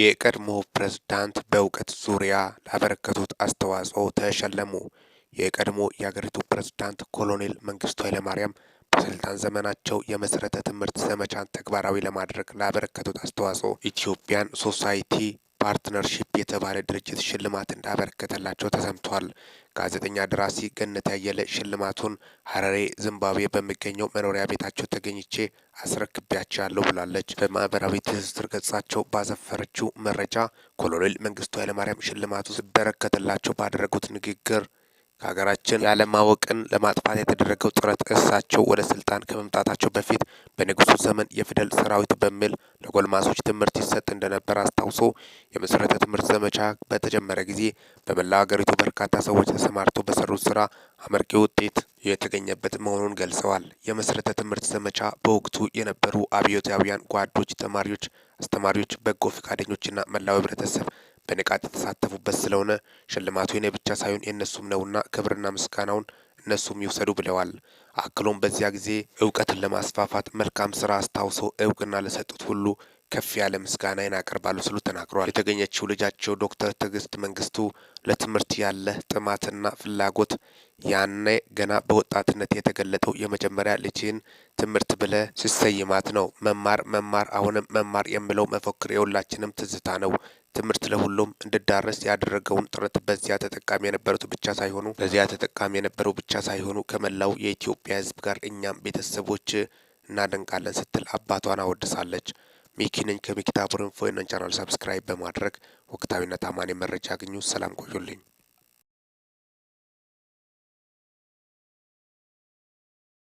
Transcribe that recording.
የቀድሞ ፕሬዝዳንት በእውቀት ዙሪያ ላበረከቱት አስተዋጽኦ ተሸለሙ። የቀድሞ የአገሪቱ ፕሬዝዳንት ኮሎኔል መንግስቱ ኃይለማርያም በስልጣን ዘመናቸው የመሰረተ ትምህርት ዘመቻን ተግባራዊ ለማድረግ ላበረከቱት አስተዋጽኦ ኢትዮጵያን ሶሳይቲ ፓርትነርሺፕ የተባለ ድርጅት ሽልማት እንዳበረከተላቸው ተሰምቷል። ጋዜጠኛ ደራሲ ገነት ያየለ ሽልማቱን ሀረሬ ዚምባብዌ በሚገኘው መኖሪያ ቤታቸው ተገኝቼ ያለው ብላለች። በማህበራዊ ትስስር ገጻቸው ባሰፈረችው መረጃ ኮሎኔል መንግስቱ ኃይለማርያም ሽልማቱ ሲበረከትላቸው ባደረጉት ንግግር ከሀገራችን ያለማወቅን ለማጥፋት የተደረገው ጥረት እሳቸው ወደ ስልጣን ከመምጣታቸው በፊት በንጉሱ ዘመን የፊደል ሰራዊት በሚል ለጎልማሶች ትምህርት ይሰጥ እንደነበር አስታውሶ የመሰረተ ትምህርት ዘመቻ በተጀመረ ጊዜ በመላ ሀገሪቱ በርካታ ሰዎች ተሰማርተው በሰሩት ስራ አመርቂ ውጤት የተገኘበት መሆኑን ገልጸዋል። የመሰረተ ትምህርት ዘመቻ በወቅቱ የነበሩ አብዮታዊያን ጓዶች፣ ተማሪዎች፣ አስተማሪዎች፣ በጎ ፈቃደኞችና መላው ህብረተሰብ በንቃት የተሳተፉበት ስለሆነ ሽልማቱ የኔ ብቻ ሳይሆን የእነሱም ነውና ክብርና ምስጋናውን እነሱም ይውሰዱ ብለዋል። አክሎም በዚያ ጊዜ እውቀትን ለማስፋፋት መልካም ስራ አስታውሰው እውቅና ለሰጡት ሁሉ ከፍ ያለ ምስጋናዬን አቀርባሉ ስሉ ተናግረዋል። የተገኘችው ልጃቸው ዶክተር ትዕግስት መንግስቱ ለትምህርት ያለ ጥማትና ፍላጎት ያኔ ገና በወጣትነት የተገለጠው የመጀመሪያ ልጅን ትምህርት ብለ ሲሰይማት ነው። መማር መማር አሁንም መማር የምለው መፈክር የሁላችንም ትዝታ ነው። ትምህርት ለሁሉም እንዲዳረስ ያደረገውን ጥረት በዚያ ተጠቃሚ የነበሩት ብቻ ሳይሆኑ በዚያ ተጠቃሚ የነበሩ ብቻ ሳይሆኑ ከመላው የኢትዮጵያ ሕዝብ ጋር እኛም ቤተሰቦች እናደንቃለን ስትል አባቷን አወድሳለች። ሚኪ ነኝ ከሚኪታቡርን ፎይነን ቻናል ሰብስክራይብ በማድረግ ወቅታዊና ታማኝ መረጃ አግኙ። ሰላም ቆዩልኝ።